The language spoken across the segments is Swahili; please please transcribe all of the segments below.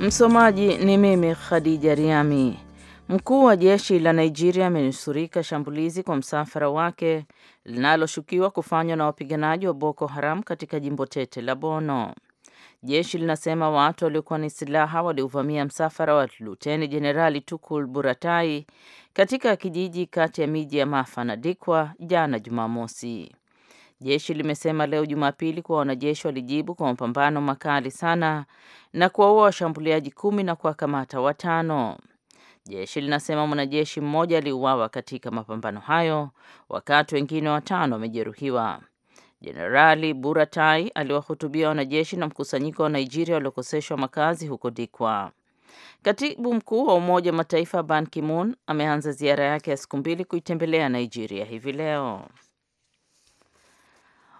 Msomaji ni mimi Khadija Riami. Mkuu wa jeshi la Nigeria amenusurika shambulizi kwa msafara wake linaloshukiwa kufanywa na wapiganaji wa Boko Haram katika jimbo tete la bono Jeshi linasema watu waliokuwa ni silaha waliovamia msafara wa Luteni Jenerali Tukul Buratai katika kijiji kati ya miji ya Mafa na Dikwa jana Jumamosi. Jeshi limesema leo Jumapili kuwa wanajeshi walijibu kwa mapambano makali sana na kuwaua washambuliaji kumi na kuwakamata watano. Jeshi linasema mwanajeshi mmoja aliuawa katika mapambano hayo wakati wengine watano wamejeruhiwa. Jenerali Buratai aliwahutubia wanajeshi na mkusanyiko wa Nigeria waliokoseshwa makazi huko Dikwa. Katibu mkuu wa Umoja wa Mataifa Ban Ki-moon ameanza ziara yake ya siku mbili kuitembelea Nigeria hivi leo.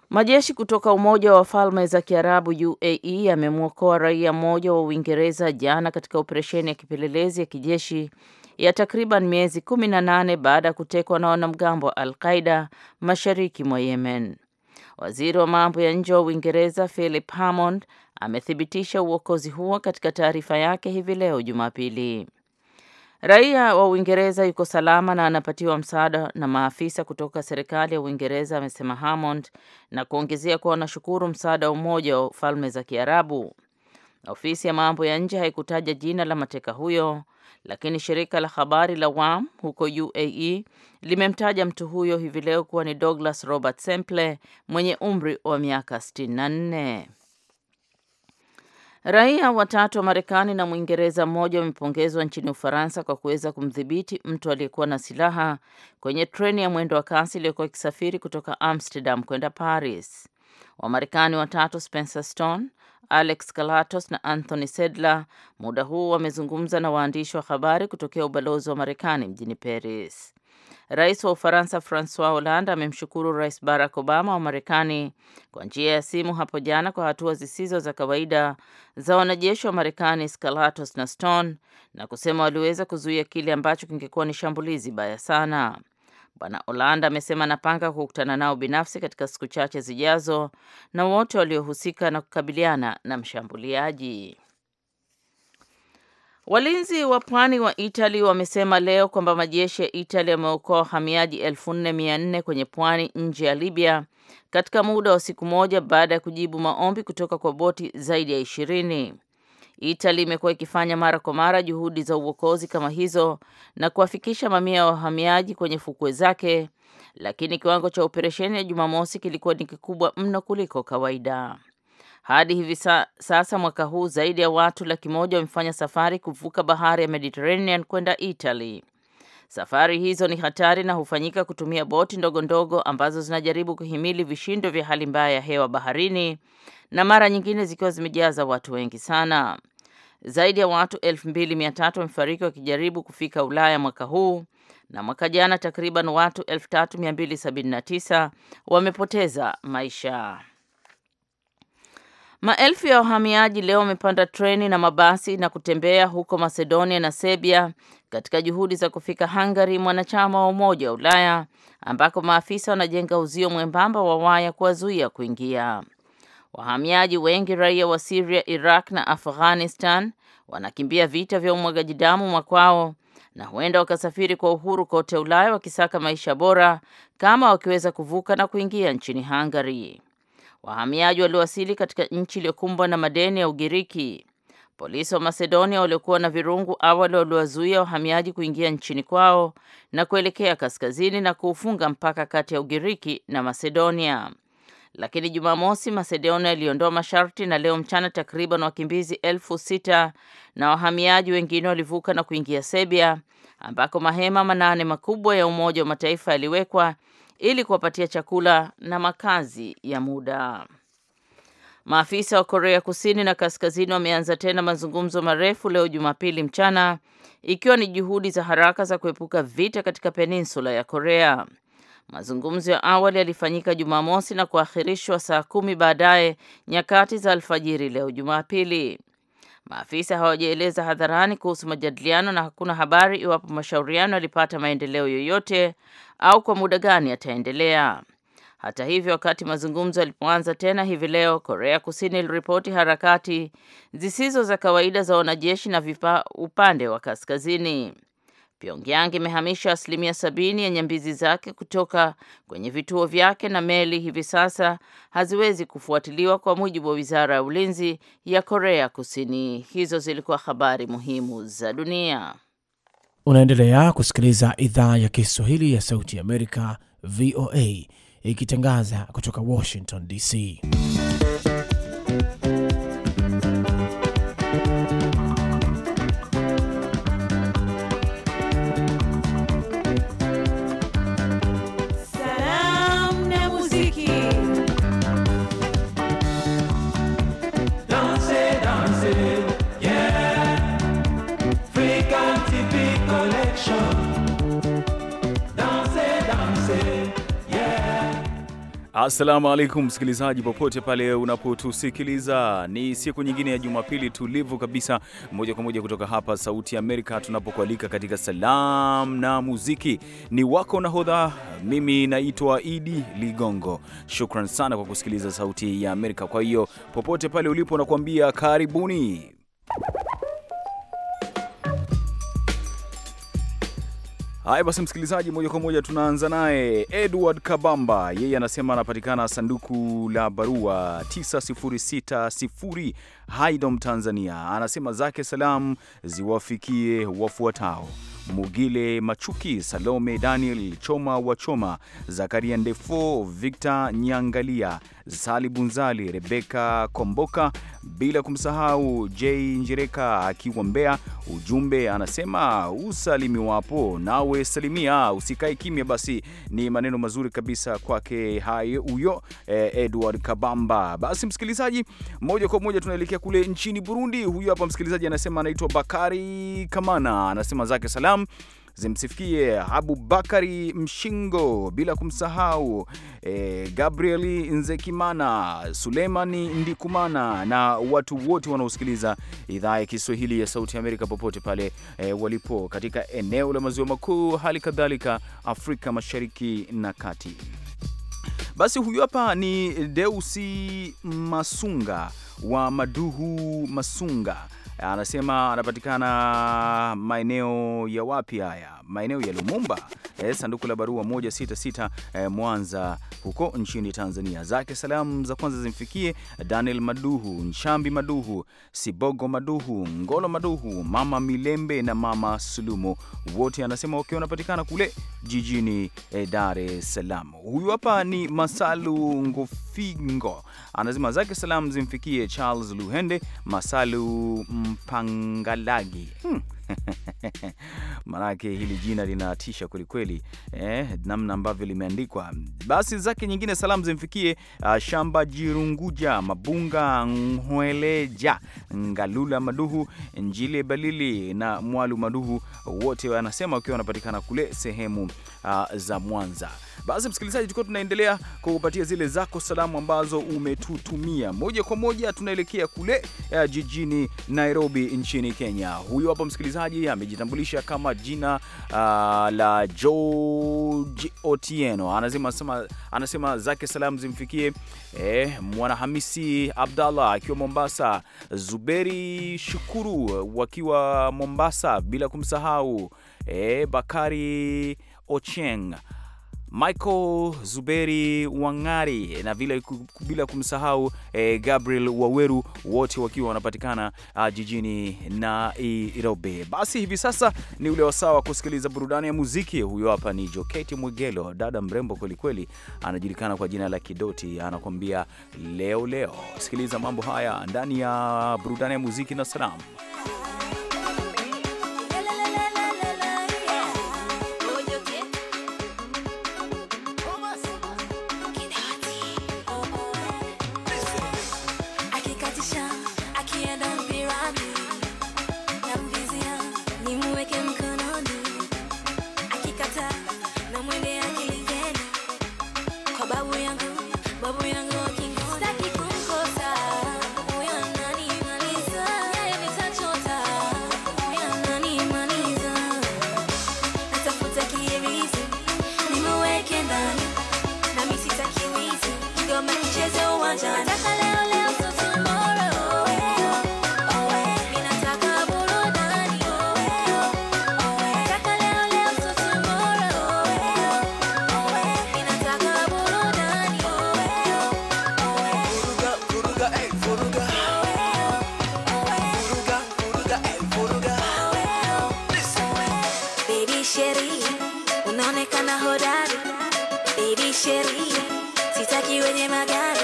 Majeshi kutoka Umoja wa Falme za Kiarabu UAE yamemwokoa raia mmoja wa Uingereza jana katika operesheni ya kipelelezi ya kijeshi ya takriban miezi 18 baada ya kutekwa na wanamgambo wa Al-Qaida mashariki mwa Yemen. Waziri wa mambo ya nje wa Uingereza Philip Hammond amethibitisha uokozi huo katika taarifa yake hivi leo Jumapili. Raia wa Uingereza yuko salama na anapatiwa msaada na maafisa kutoka serikali ya Uingereza, amesema Hammond na kuongezea kuwa wanashukuru msaada wa Umoja wa Falme za Kiarabu. Ofisi ya mambo ya nje haikutaja jina la mateka huyo, lakini shirika la habari la WAM huko UAE limemtaja mtu huyo hivi leo kuwa ni Douglas Robert Semple mwenye umri wa miaka 64. Raia watatu wa Marekani na Mwingereza mmoja wamepongezwa nchini Ufaransa kwa kuweza kumdhibiti mtu aliyekuwa na silaha kwenye treni ya mwendo wa kasi iliyokuwa ikisafiri kutoka Amsterdam kwenda Paris. Wamarekani watatu Spencer Stone, Alex Kalatos na Anthony Sedler muda huu wamezungumza na waandishi wa habari kutokea ubalozi wa Marekani mjini Paris. Rais wa Ufaransa Francois Hollande amemshukuru Rais Barack Obama wa Marekani kwa njia ya simu hapo jana kwa hatua zisizo za kawaida za wanajeshi wa Marekani Scalatos na Stone na kusema waliweza kuzuia kile ambacho kingekuwa ni shambulizi baya sana. Bwana Hollande amesema anapanga kukutana nao binafsi katika siku chache zijazo na wote waliohusika na kukabiliana na mshambuliaji. Walinzi wa pwani wa Itali wamesema leo kwamba majeshi ya Itali yameokoa wahamiaji 1400 kwenye pwani nje ya Libya katika muda wa siku moja baada ya kujibu maombi kutoka kwa boti zaidi ya ishirini. Itali imekuwa ikifanya mara kwa mara juhudi za uokozi kama hizo na kuwafikisha mamia ya wahamiaji kwenye fukwe zake, lakini kiwango cha operesheni ya Jumamosi kilikuwa ni kikubwa mno kuliko kawaida. Hadi hivi sa, sasa mwaka huu zaidi ya watu laki moja wamefanya safari kuvuka bahari ya Mediterranean kwenda Italy. Safari hizo ni hatari na hufanyika kutumia boti ndogo ndogo ambazo zinajaribu kuhimili vishindo vya hali mbaya ya hewa baharini na mara nyingine zikiwa zimejaza watu wengi sana. Zaidi ya watu 2300 wamefariki wakijaribu kufika Ulaya mwaka huu na mwaka jana takriban watu 3279 wamepoteza maisha. Maelfu ya wahamiaji leo wamepanda treni na mabasi na kutembea huko Macedonia na Serbia katika juhudi za kufika Hungary, mwanachama wa Umoja wa Ulaya, ambako maafisa wanajenga uzio mwembamba wa waya kuwazuia kuingia. Wahamiaji wengi raia wa Syria, Iraq na Afghanistan wanakimbia vita vya umwagaji damu mwakwao na huenda wakasafiri kwa uhuru kote Ulaya wakisaka maisha bora kama wakiweza kuvuka na kuingia nchini Hungary. Wahamiaji waliowasili katika nchi iliyokumbwa na madeni ya Ugiriki. Polisi wa Masedonia waliokuwa na virungu awali waliwazuia wahamiaji kuingia nchini kwao na kuelekea kaskazini na kuufunga mpaka kati ya Ugiriki na Masedonia. Lakini Jumamosi Masedonia iliondoa masharti na leo mchana takriban wakimbizi elfu sita na wahamiaji wengine walivuka na kuingia Serbia ambako mahema manane makubwa ya Umoja wa Mataifa yaliwekwa ili kuwapatia chakula na makazi ya muda. Maafisa wa Korea Kusini na Kaskazini wameanza tena mazungumzo marefu leo Jumapili mchana ikiwa ni juhudi za haraka za kuepuka vita katika peninsula ya Korea. Mazungumzo ya awali yalifanyika Jumamosi na kuahirishwa saa kumi baadaye nyakati za alfajiri leo Jumapili. Maafisa hawajaeleza hadharani kuhusu majadiliano na hakuna habari iwapo mashauriano yalipata maendeleo yoyote au kwa muda gani yataendelea. Hata hivyo, wakati mazungumzo yalipoanza tena hivi leo, Korea Kusini iliripoti harakati zisizo za kawaida za wanajeshi na vifaa upande wa kaskazini. Pyongyang imehamisha asilimia sabini ya nyambizi zake kutoka kwenye vituo vyake na meli hivi sasa haziwezi kufuatiliwa kwa mujibu wa Wizara ya Ulinzi ya Korea Kusini. Hizo zilikuwa habari muhimu za dunia. Unaendelea kusikiliza idhaa ya Kiswahili ya Sauti ya Amerika, VOA, ikitangaza kutoka Washington DC. Assalamu alaikum msikilizaji, popote pale unapotusikiliza, ni siku nyingine ya Jumapili tulivu kabisa, moja kwa moja kutoka hapa Sauti ya Amerika, tunapokualika katika salamu na muziki. Ni wako nahodha, mimi naitwa Idi Ligongo. Shukran sana kwa kusikiliza Sauti ya Amerika. Kwa hiyo popote pale ulipo, nakuambia karibuni. Haya basi, msikilizaji, moja kwa moja tunaanza naye Edward Kabamba. Yeye anasema anapatikana sanduku la barua 9060 Haidom, Tanzania. Anasema zake salamu ziwafikie wafuatao: Mugile Machuki, Salome Daniel Choma wa Choma, Zakaria Ndefo, Victor Nyangalia Sali Bunzali, Rebeka Komboka, bila kumsahau J Njereka akiwa mbea Ujumbe anasema usalimiwapo nawe salimia, usikae kimya. Basi ni maneno mazuri kabisa kwake hai huyo eh, Edward Kabamba. Basi msikilizaji, moja kwa moja tunaelekea kule nchini Burundi. Huyu hapa msikilizaji anasema anaitwa Bakari Kamana, anasema zake salamu zimsifikie Abubakari Mshingo, bila kumsahau e, eh, Gabrieli Nzekimana, suleimani Ndikumana na watu wote wanaosikiliza idhaa ya Kiswahili ya Sauti ya Amerika popote pale e, walipo katika eneo la maziwa makuu, hali kadhalika Afrika Mashariki na Kati. Basi huyu hapa ni Deusi Masunga wa Maduhu Masunga anasema anapatikana maeneo ya wapi haya? Maeneo ya Lumumba, eh, sanduku la barua 166, eh, Mwanza huko nchini Tanzania. Zake salamu za kwanza zimfikie Daniel Maduhu, Nchambi Maduhu, Sibogo Maduhu, Ngolo Maduhu, Mama Milembe na Mama Sulumo, wote anasema wakiwa okay, wanapatikana kule jijini eh, Dar es Salaam. Huyu hapa ni Masalu Ngofingo, anasema zake salamu zimfikie Charles Luhende Masalu mm, Mpangalagi. Hmm. manake hili jina linatisha kwelikweli, eh, namna ambavyo limeandikwa. Basi zake nyingine salamu zimfikie uh, Shamba Jirunguja, Mabunga Nhweleja, Ngalula Maduhu, Njile Balili na Mwalu Maduhu, wote wanasema wakiwa wanapatikana kule sehemu uh, za Mwanza. Basi msikilizaji, tukiwa tunaendelea kukupatia zile zako salamu ambazo umetutumia moja kwa moja, tunaelekea kule uh, jijini Nairobi nchini Kenya. Huyu hapa msikilizaji msikilizaji amejitambulisha kama jina uh, la George Otieno. Anasema, anasema, anasema zake salamu zimfikie eh, Mwanahamisi Abdallah akiwa Mombasa, Zuberi Shukuru wakiwa Mombasa, bila kumsahau eh, Bakari Ocheng Michael Zuberi Wangari eh, na vile bila kumsahau eh, Gabriel Waweru, wote wakiwa wanapatikana ah, jijini Nairobi. Basi hivi sasa ni ule wasaa wa kusikiliza burudani ya muziki. Huyo hapa ni Joketi Mwegelo, dada mrembo kwelikweli, anajulikana kwa jina la Kidoti, anakuambia leo leo. Sikiliza mambo haya ndani ya burudani ya muziki na salamu. Sherry, unaonekana hodari. Baby Sherry, sitaki wenye magari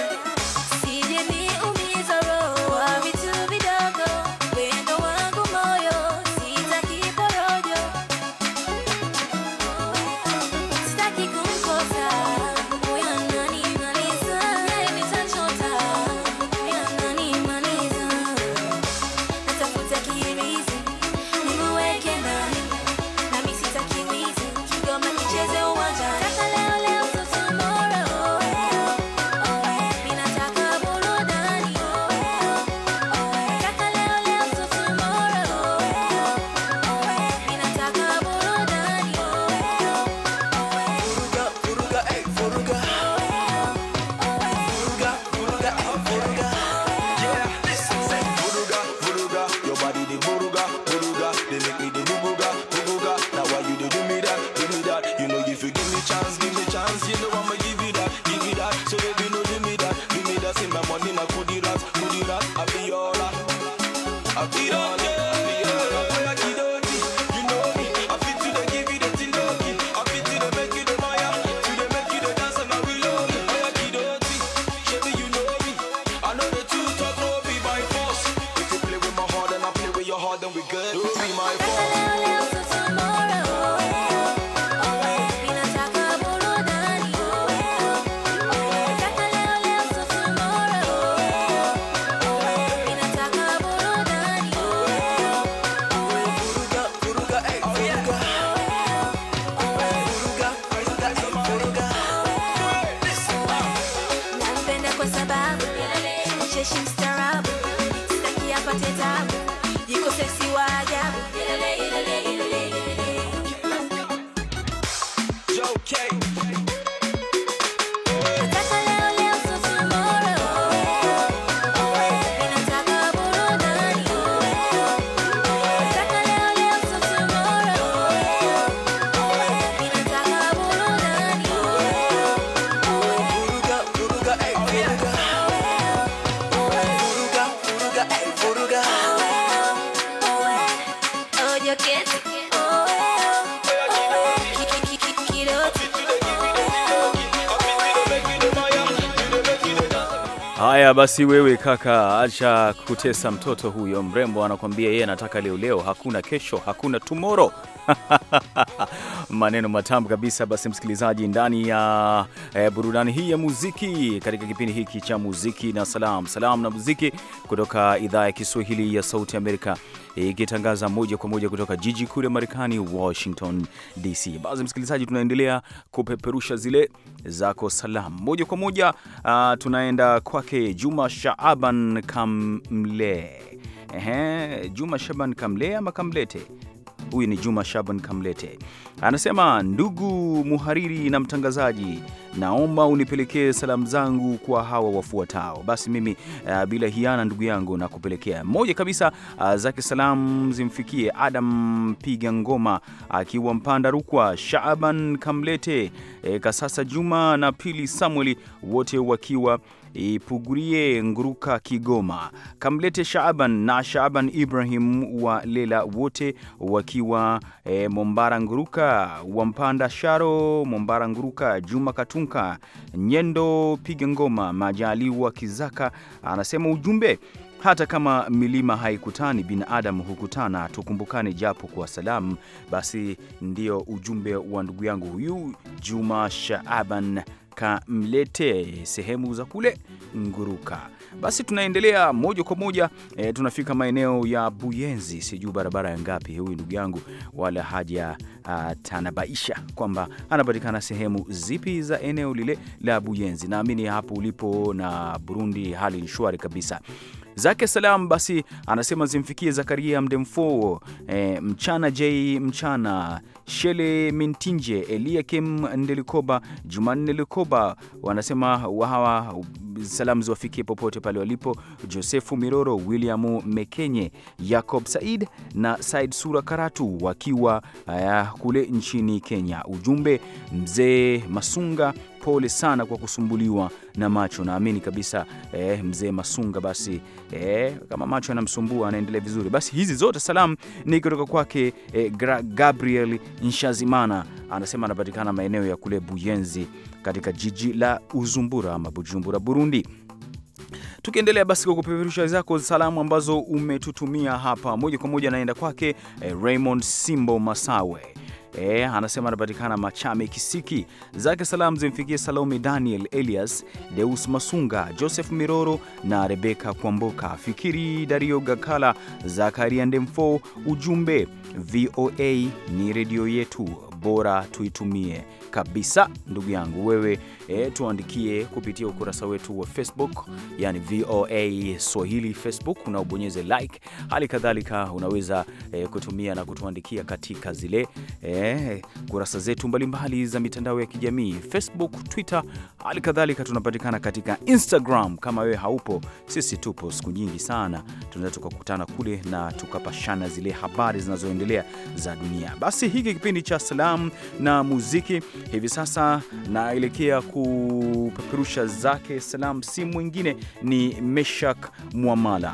patience basi wewe kaka, acha kutesa mtoto huyo. Mrembo anakuambia yeye anataka leo leo, hakuna kesho, hakuna tomorrow maneno matamu kabisa. Basi msikilizaji, ndani ya e, burudani hii ya muziki katika kipindi hiki cha muziki na salam salam na muziki kutoka idhaa ya Kiswahili ya Sauti Amerika ikitangaza e, moja kwa moja kutoka jiji kuu la Marekani, Washington DC. Basi msikilizaji, tunaendelea kupeperusha zile zako salam moja kwa moja. Uh, tunaenda kwake Juma Shaaban Kamle. Ehe, Juma shaban Kamle ama Kamlete Huyu ni Juma Shaban Kamlete, anasema ndugu muhariri na mtangazaji, naomba unipelekee salamu zangu kwa hawa wafuatao. Basi mimi uh, bila hiana ndugu yangu na kupelekea moja kabisa uh, zake salamu zimfikie Adam Piga Ngoma akiwa uh, Mpanda Rukwa, Shaban Kamlete, uh, Kasasa Juma na Pili Samueli, wote wakiwa ipugurie Nguruka Kigoma, Kamlete Shaaban na Shaaban Ibrahim wa Lela, wote wakiwa e, Mombara Nguruka wa Mpanda Sharo, Mombara Nguruka, Juma Katunka, Nyendo Piga Ngoma, Majaliwa Kizaka anasema ujumbe hata kama milima haikutani, binadamu hukutana. Tukumbukane japo kwa salamu. Basi ndio ujumbe wa ndugu yangu huyu Juma Shaaban kamletee sehemu za kule Nguruka. Basi tunaendelea moja kwa moja e, tunafika maeneo ya Buyenzi, sijuu barabara ya ngapi huyu ndugu yangu wala haja tanabaisha kwamba anapatikana sehemu zipi za eneo lile la Buyenzi. Naamini hapo ulipo na Burundi hali ni shwari kabisa zake salam. Basi anasema zimfikie Zakaria Mdemfo, e, mchana J mchana Shele Mintinje, elia Kim Ndelikoba, Jumanne likoba wanasema wahawa salamu ziwafikie popote pale walipo: Josefu Miroro, William Mekenye, Yacob Said na Said Sura Karatu wakiwa uh, kule nchini Kenya. Ujumbe mzee Masunga pole sana kwa kusumbuliwa na macho. Naamini kabisa eh, mzee Masunga basi eh, kama macho anamsumbua anaendelea vizuri. Basi hizi zote salamu ni kutoka kwake eh, Gabriel Nshazimana, anasema anapatikana maeneo ya kule Buyenzi katika jiji la Uzumbura ama Bujumbura, Burundi. Tukiendelea basi kwa kupeperusha zako salamu ambazo umetutumia hapa, moja kwa moja anaenda kwake eh, Raymond Simbo Masawe E, anasema anapatikana Machame Kisiki. Zake salamu zimfikie Salome Daniel, Elias Deus Masunga, Joseph Miroro na Rebeka Kwamboka, Fikiri Dario Gakala, Zakaria Ndemfo. Ujumbe VOA ni redio yetu bora tuitumie kabisa ndugu yangu wewe e, tuandikie kupitia ukurasa wetu wa Facebook yani VOA Swahili Facebook, unaobonyeze like. Hali kadhalika unaweza e, kutumia na kutuandikia katika zile e, kurasa zetu mbalimbali za mitandao ya kijamii Facebook, Twitter. Hali kadhalika tunapatikana katika Instagram. Kama wewe haupo, sisi tupo siku nyingi sana, tunaweza tukakutana kule na tukapashana zile habari zinazoendelea za dunia. Basi hiki kipindi cha salamu na muziki hivi sasa naelekea kupeperusha zake salam si mwingine ni Meshak Mwamala.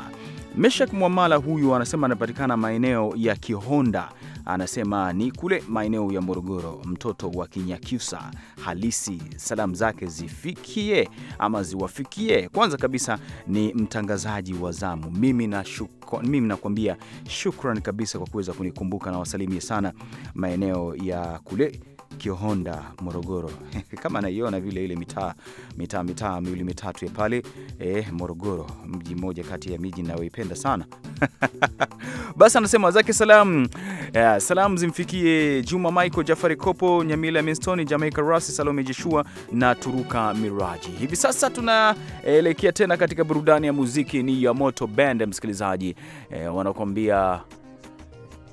Meshak Mwamala huyu anasema anapatikana maeneo ya Kihonda, anasema ni kule maeneo ya Morogoro, mtoto wa Kinyakyusa halisi. Salamu zake zifikie ama ziwafikie, kwanza kabisa ni mtangazaji wa zamu. Mimi na mimi nakuambia shukran kabisa kwa kuweza kunikumbuka na wasalimie sana maeneo ya kule Kiohonda, Morogoro. Kama anaiona vile ile mitaa mitaa mitaa miwili mitatu ya pale eh, Morogoro, mji mmoja kati ya miji ninayoipenda sana. Basi anasema zake salam yeah, salam zimfikie Juma Michael, Jafari Kopo, Nyamila Minstoni, Jamaica Rasi, Salome Jeshua na Turuka Miraji. Hivi sasa tunaelekea tena katika burudani ya muziki, ni ya Moto Band msikilizaji, eh, wanakuambia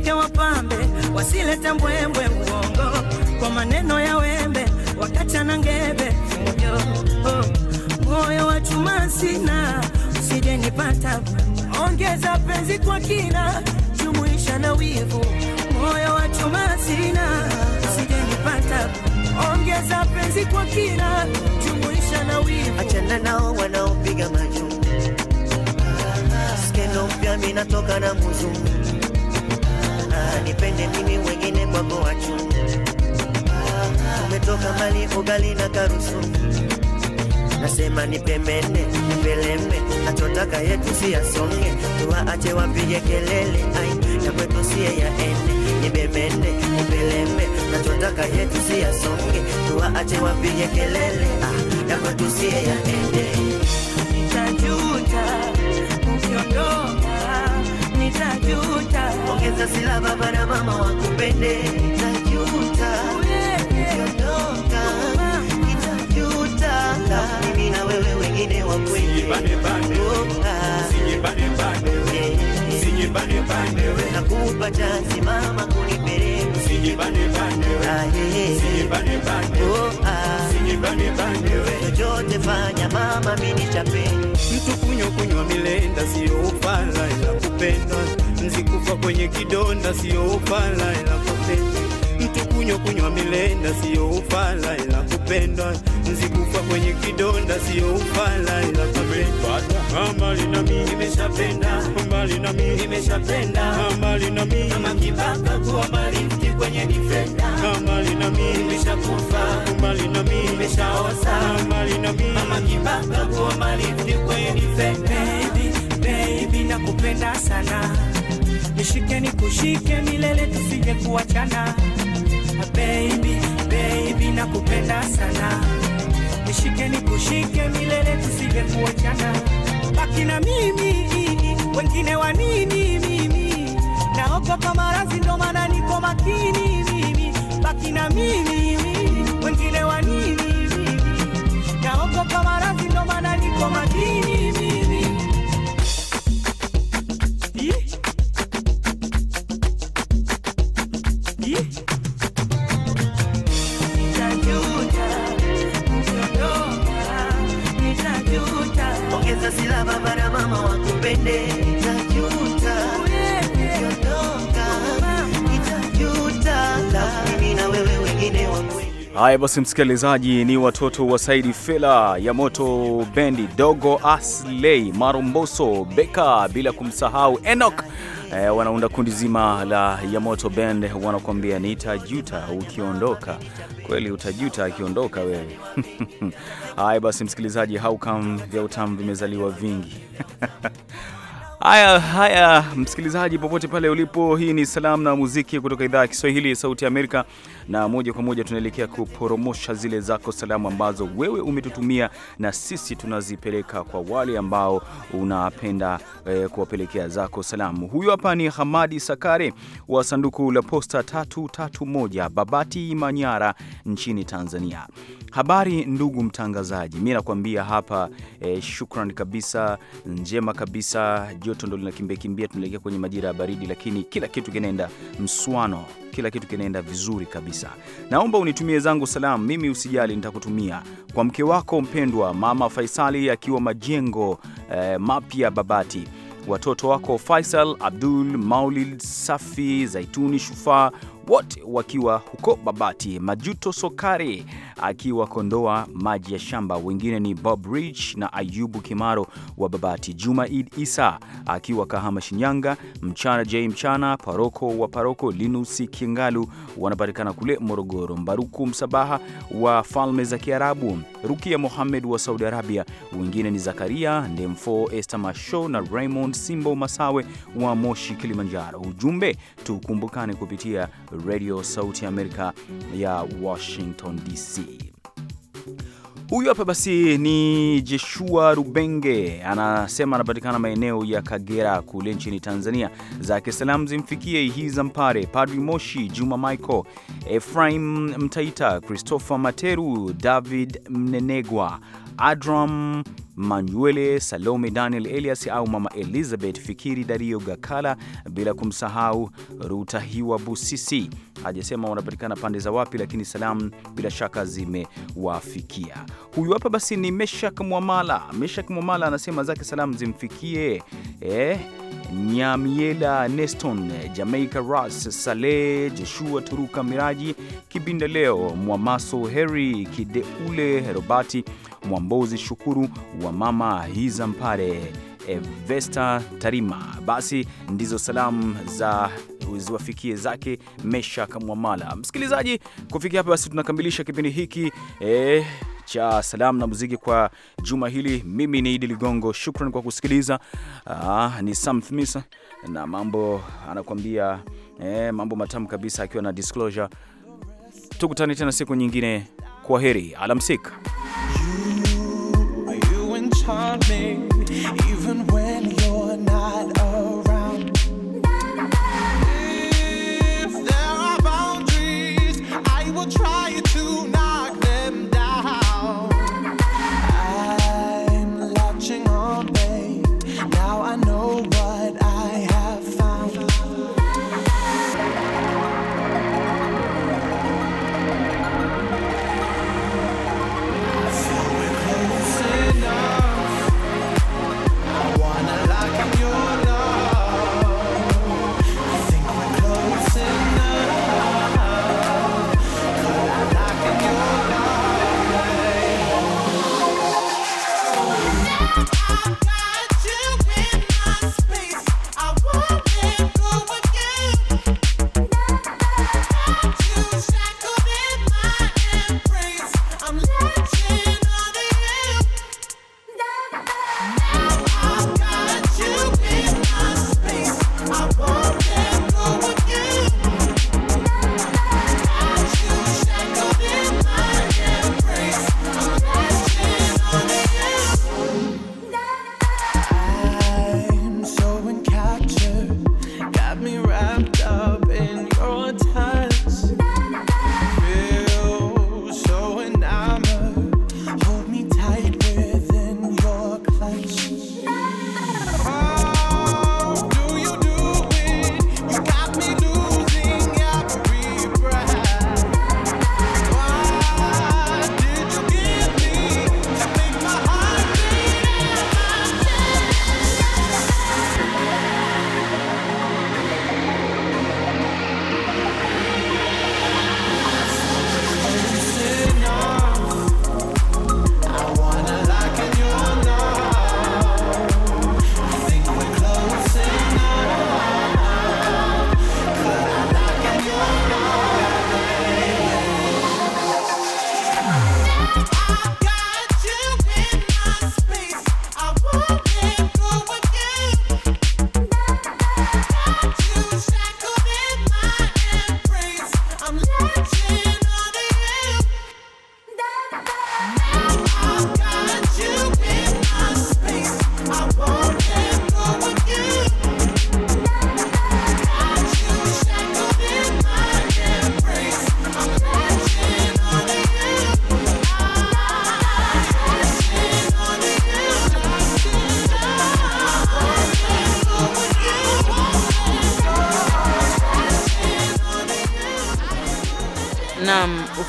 mke wapambe, wasilete mbwembwe uongo kwa maneno ya wembe, wakachana ngebe oh, moyo moyo oh, wa chuma sina, usije nipata. Ongeza penzi kwa kina, jumuisha na wivu. Moyo wa chuma sina, usije nipata. Ongeza penzi kwa kina, jumuisha na wivu. Achana nao wanaopiga majumbe, skendo mpya minatoka na muzungu nipende mimi wengine kwako wachungu. Umetoka mali ugali na karusu, nasema nipemene, nipeleme, achotaka yetu si tuwa ache wapige kelele, ai na kwetu si yaende, nibemene, nipeleme, nachotaka yetu si tuwa ache wapige kelele, ah, na kwetu si ene nitajuta ukiondoka nitajuta, ongeza sila baba na mama wakupende, nitajuta ukiondoka, mimi na wewe wengine wapende, nakupa chance mama kuni chochote fanya mama, mimi nichape mtu kunywa kunywa milenda, sio upala ila kupenda. Mzikufa kwenye kidonda, sio upala ila kupenda. Mtu kunywa kunywa milenda, sio upala ila kupenda kupenda nzikufa kwenye kidonda, sio upala ila kupenda. na mimi nimeshapenda, na mimi nimeshapenda, na mimi kama kwa kwenye na mimi nimeshakufa, na mimi nimeshaosa, na mimi kama kwa kwenye Baby, baby nakupenda sana, nishike nikushike milele, tusije kuachana Baby, baby nakupenda sana, nishike nikushike milele tusije kuachana, baki na mimi, wengine wa nini? Mimi naogopa maradhi, ndo maana niko makini mimi, baki na mimi, wengine wa nini? Naogopa maradhi, ndo maana niko makini Haya basi, msikilizaji, ni watoto wa Saidi Fela, ya moto bendi dogo, Asley Marumboso, Beka, bila kumsahau Enok. Eh, wanaunda kundi zima la Yamoto Band, wanakuambia nitajuta ukiondoka. Kweli utajuta akiondoka wewe. Haya basi, msikilizaji, how come vya utamu vimezaliwa vingi Haya haya, msikilizaji popote pale ulipo, hii ni salamu na muziki kutoka idhaa ya Kiswahili ya Sauti ya Amerika, na moja kwa moja tunaelekea kuporomosha zile zako salamu ambazo wewe umetutumia na sisi tunazipeleka kwa wale ambao unapenda eh, kuwapelekea zako salamu. Huyu hapa ni Hamadi Sakare wa sanduku la posta 331 Babati, Manyara nchini Tanzania. Habari ndugu mtangazaji, mi nakuambia hapa eh, shukran kabisa, njema kabisa. Joto ndo linakimbiakimbia tunaelekea kwenye majira ya baridi, lakini kila kitu kinaenda mswano, kila kitu kinaenda vizuri kabisa. Naomba unitumie zangu salamu, mimi usijali, nitakutumia kwa mke wako mpendwa Mama Faisali akiwa majengo eh, mapya Babati, watoto wako Faisal, Abdul, Maulid, Safi, Zaituni, Shufaa wote wakiwa huko Babati, Majuto Sokari akiwa Kondoa maji ya shamba, wengine ni Bob Rich na Ayubu Kimaro wa Babati, jumaid Isa akiwa Kahama Shinyanga, Mchana J Mchana paroko wa paroko Linusi Kingalu wanapatikana kule Morogoro, Mbaruku Msabaha wa Falme za Kiarabu, Rukia Mohamed wa Saudi Arabia, wengine ni Zakaria Ndemfo, Esther Masho na Raymond Simbo Masawe wa Moshi, Kilimanjaro. Ujumbe tukumbukane kupitia radio Sauti Amerika ya Washington DC. Huyu hapa basi ni Jeshua Rubenge, anasema anapatikana maeneo ya Kagera kule nchini Tanzania. Zake salamu zimfikie Hiza Mpare, Padri Moshi, Juma Michael, Efraim Mtaita, Christopher Materu, David Mnenegwa, Adram Manuele Salome Daniel Elias au Mama Elizabeth Fikiri Dario Gakala, bila kumsahau Rutahiwa Busisi. Hajasema wanapatikana pande za wapi, lakini salamu bila shaka zimewafikia. Huyu hapa basi ni Meshak Mwamala. Meshak Mwamala anasema zake salamu zimfikie eh, Nyamiela Neston, Jamaica Ras, Saleh Joshua, Turuka Miraji Kibinda, Leo Mwamaso, Heri Kideule, Robati Mwambozi, Shukuru wa Mama Hizampare, Vesta Tarima. Basi ndizo salamu za ziwafikie zake Mesha Kamwamala. Msikilizaji, kufikia hapa basi tunakamilisha kipindi hiki eh, cha salamu na muziki kwa juma hili. Mimi ni Idi Ligongo, shukran kwa kusikiliza. Ah, ni Sam Smith na mambo anakuambia eh, mambo matamu kabisa akiwa na Disclosure. Tukutane tena siku nyingine, kwa heri, alamsika. Música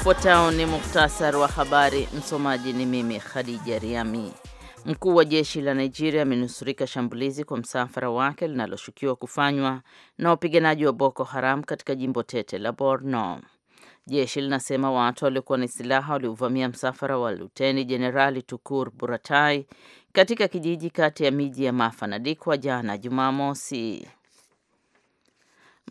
Ufuatao ni muhtasari wa habari. Msomaji ni mimi Khadija Riami. Mkuu wa jeshi la Nigeria amenusurika shambulizi kwa msafara wake linaloshukiwa kufanywa na wapiganaji wa Boko Haram katika jimbo tete la Borno. Jeshi linasema watu waliokuwa na silaha waliovamia msafara wa Luteni Jenerali Tukur Buratai katika kijiji kati ya miji ya Mafa na Dikwa jana Jumamosi.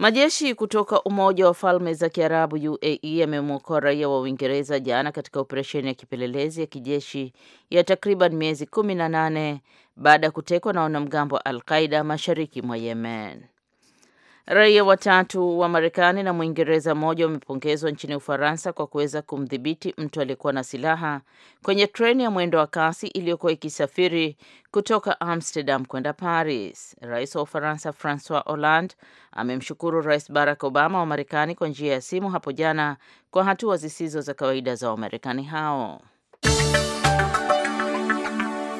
Majeshi kutoka Umoja wa Falme za Kiarabu UAE yamemwokoa raia wa Uingereza jana katika operesheni ya kipelelezi ya kijeshi ya takriban miezi 18 baada ya kutekwa na wanamgambo wa Al-Qaida mashariki mwa Yemen. Raia watatu wa Marekani na Mwingereza mmoja wamepongezwa nchini Ufaransa kwa kuweza kumdhibiti mtu aliyekuwa na silaha kwenye treni ya mwendo wa kasi iliyokuwa ikisafiri kutoka Amsterdam kwenda Paris. Rais wa Ufaransa Francois Hollande amemshukuru Rais Barack Obama wa Marekani kwa njia ya simu hapo jana kwa hatua zisizo za kawaida za Wamarekani hao.